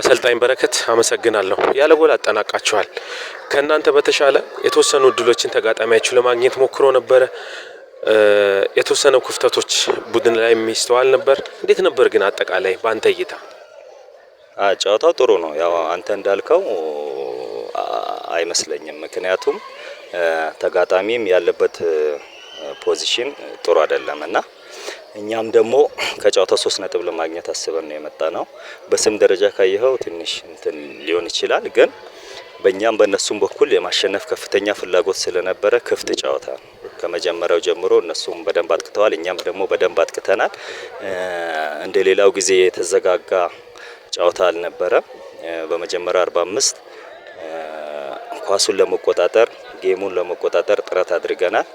አሰልጣኝ በረከት አመሰግናለሁ። ያለ ጎል አጠናቃችኋል። ከእናንተ በተሻለ የተወሰኑ እድሎችን ተጋጣሚያችሁ ለማግኘት ሞክሮ ነበረ። የተወሰኑ ክፍተቶች ቡድን ላይ የሚስተዋል ነበር። እንዴት ነበር ግን አጠቃላይ በአንተ እይታ? ጨዋታው ጥሩ ነው። ያው አንተ እንዳልከው አይመስለኝም። ምክንያቱም ተጋጣሚም ያለበት ፖዚሽን ጥሩ አይደለም እና እኛም ደግሞ ከጨዋታ ሶስት ነጥብ ለማግኘት አስበን ነው የመጣ ነው። በስም ደረጃ ካየኸው ትንሽ እንትን ሊሆን ይችላል፣ ግን በእኛም በእነሱም በኩል የማሸነፍ ከፍተኛ ፍላጎት ስለነበረ ክፍት ጨዋታ ነው። ከመጀመሪያው ጀምሮ እነሱም በደንብ አጥቅተዋል፣ እኛም ደግሞ በደንብ አጥቅተናል። እንደ ሌላው ጊዜ የተዘጋጋ ጨዋታ አልነበረም። በመጀመሪያ 45 ኳሱን ለመቆጣጠር ጌሙን ለመቆጣጠር ጥረት አድርገናል።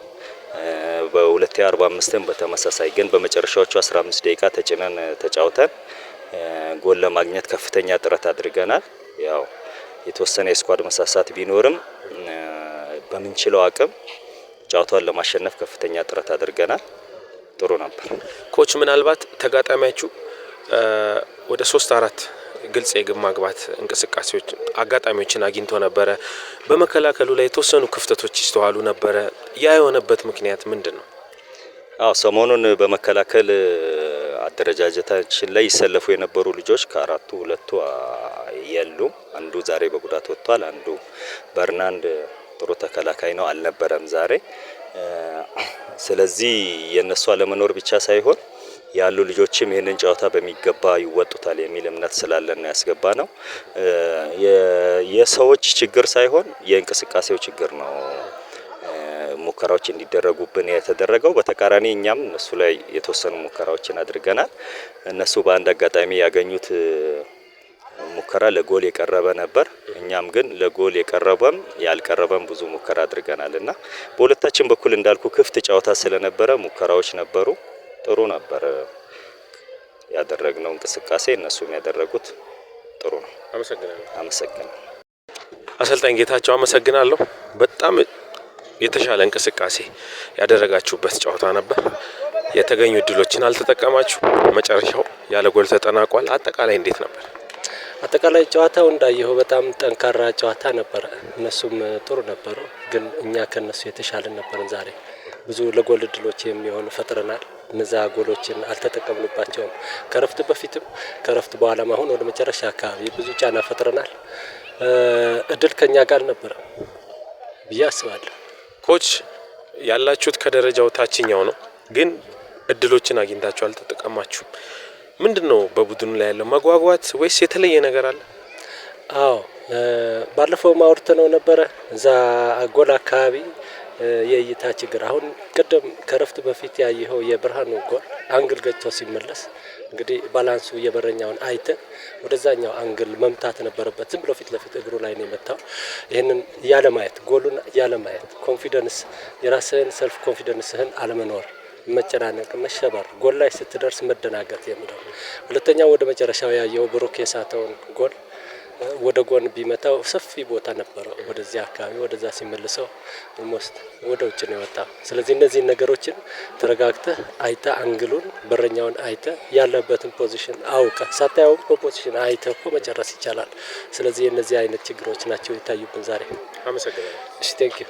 በ2045ም በተመሳሳይ ግን በመጨረሻዎቹ 15 ደቂቃ ተጭነን ተጫውተን ጎል ለማግኘት ከፍተኛ ጥረት አድርገናል። ያው የተወሰነ የስኳድ መሳሳት ቢኖርም በምንችለው አቅም ጨዋታውን ለማሸነፍ ከፍተኛ ጥረት አድርገናል። ጥሩ ነበር። ኮች ምናልባት ተጋጣሚያችሁ ወደ ሶስት አራት ግልጽ የግብ ማግባት እንቅስቃሴዎች አጋጣሚዎችን አግኝቶ ነበረ። በመከላከሉ ላይ የተወሰኑ ክፍተቶች ይስተዋሉ ነበረ። ያ የሆነበት ምክንያት ምንድን ነው? አዎ ሰሞኑን በመከላከል አደረጃጀታችን ላይ ይሰለፉ የነበሩ ልጆች ከአራቱ ሁለቱ የሉ። አንዱ ዛሬ በጉዳት ወጥቷል። አንዱ በርናንድ ጥሩ ተከላካይ ነው፣ አልነበረም ዛሬ። ስለዚህ የእነሱ አለመኖር ብቻ ሳይሆን ያሉ ልጆችም ይህንን ጨዋታ በሚገባ ይወጡታል የሚል እምነት ስላለና ያስገባ ነው። የሰዎች ችግር ሳይሆን የእንቅስቃሴው ችግር ነው ሙከራዎች እንዲደረጉብን የተደረገው። በተቃራኒ እኛም እነሱ ላይ የተወሰኑ ሙከራዎችን አድርገናል። እነሱ በአንድ አጋጣሚ ያገኙት ሙከራ ለጎል የቀረበ ነበር። እኛም ግን ለጎል የቀረበም ያልቀረበም ብዙ ሙከራ አድርገናል እና በሁለታችን በኩል እንዳልኩ ክፍት ጨዋታ ስለነበረ ሙከራዎች ነበሩ። ጥሩ ነበር ያደረግነው እንቅስቃሴ፣ እነሱም ያደረጉት ጥሩ ነው። አመሰግናለሁ። አመሰግናለሁ። አሰልጣኝ ጌታቸው አመሰግናለሁ። በጣም የተሻለ እንቅስቃሴ ያደረጋችሁበት ጨዋታ ነበር። የተገኙ እድሎችን አልተጠቀማችሁ፣ መጨረሻው ያለ ጎል ተጠናቋል። አጠቃላይ እንዴት ነበር? አጠቃላይ ጨዋታው እንዳየሁ በጣም ጠንካራ ጨዋታ ነበረ። እነሱም ጥሩ ነበሩ፣ ግን እኛ ከነሱ የተሻለን ነበርን። ዛሬ ብዙ ለጎል እድሎች የሚሆኑ ፈጥረናል። እነዛ ጎሎችን አልተጠቀምንባቸውም። ከረፍት በፊትም ከረፍት በኋላም አሁን ወደ መጨረሻ አካባቢ ብዙ ጫና ፈጥረናል። እድል ከኛ ጋር ነበረ ብዬ አስባለሁ። ኮች ያላችሁት ከደረጃው ታችኛው ነው፣ ግን እድሎችን አግኝታችሁ አልተጠቀማችሁም። ምንድን ነው በቡድኑ ላይ ያለው መጓጓት ወይስ የተለየ ነገር አለ? አዎ ማውርተ ነው ነበረ እዛ ጎል አካባቢ የእይታ ችግር። አሁን ቅድም ከረፍት በፊት ያየኸው የብርሃኑ ጎል አንግል ገጭቶ ሲመለስ እንግዲህ ባላንሱ የበረኛውን አይተ ወደዛኛው አንግል መምታት ነበረበት። ዝም ብሎ ፊት ለፊት እግሩ ላይ ነው የመታው። ይህንን ያለማየት፣ ጎሉን ያለማየት፣ ኮንፊደንስ የራስህን ሰልፍ ኮንፊደንስህን አለመኖር መጨናነቅ፣ መሸበር፣ ጎል ላይ ስትደርስ መደናገጥ የምለው ሁለተኛ፣ ወደ መጨረሻው ያየው ብሩክ የሳተውን ጎል ወደ ጎን ቢመታው ሰፊ ቦታ ነበረው። ወደዚህ አካባቢ ወደዛ ሲመልሰው ኦልሞስት ወደ ውጭ ነው የወጣው። ስለዚህ እነዚህን ነገሮችን ተረጋግተህ አይተ አንግሉን በረኛውን አይተ ያለበትን ፖዚሽን አውቀ ሳታየውም በፖዚሽን አይተ እኮ መጨረስ ይቻላል። ስለዚህ እነዚህ አይነት ችግሮች ናቸው የታዩብን ዛሬ። አመሰግናለሁ። እሺ ቴንኪዩ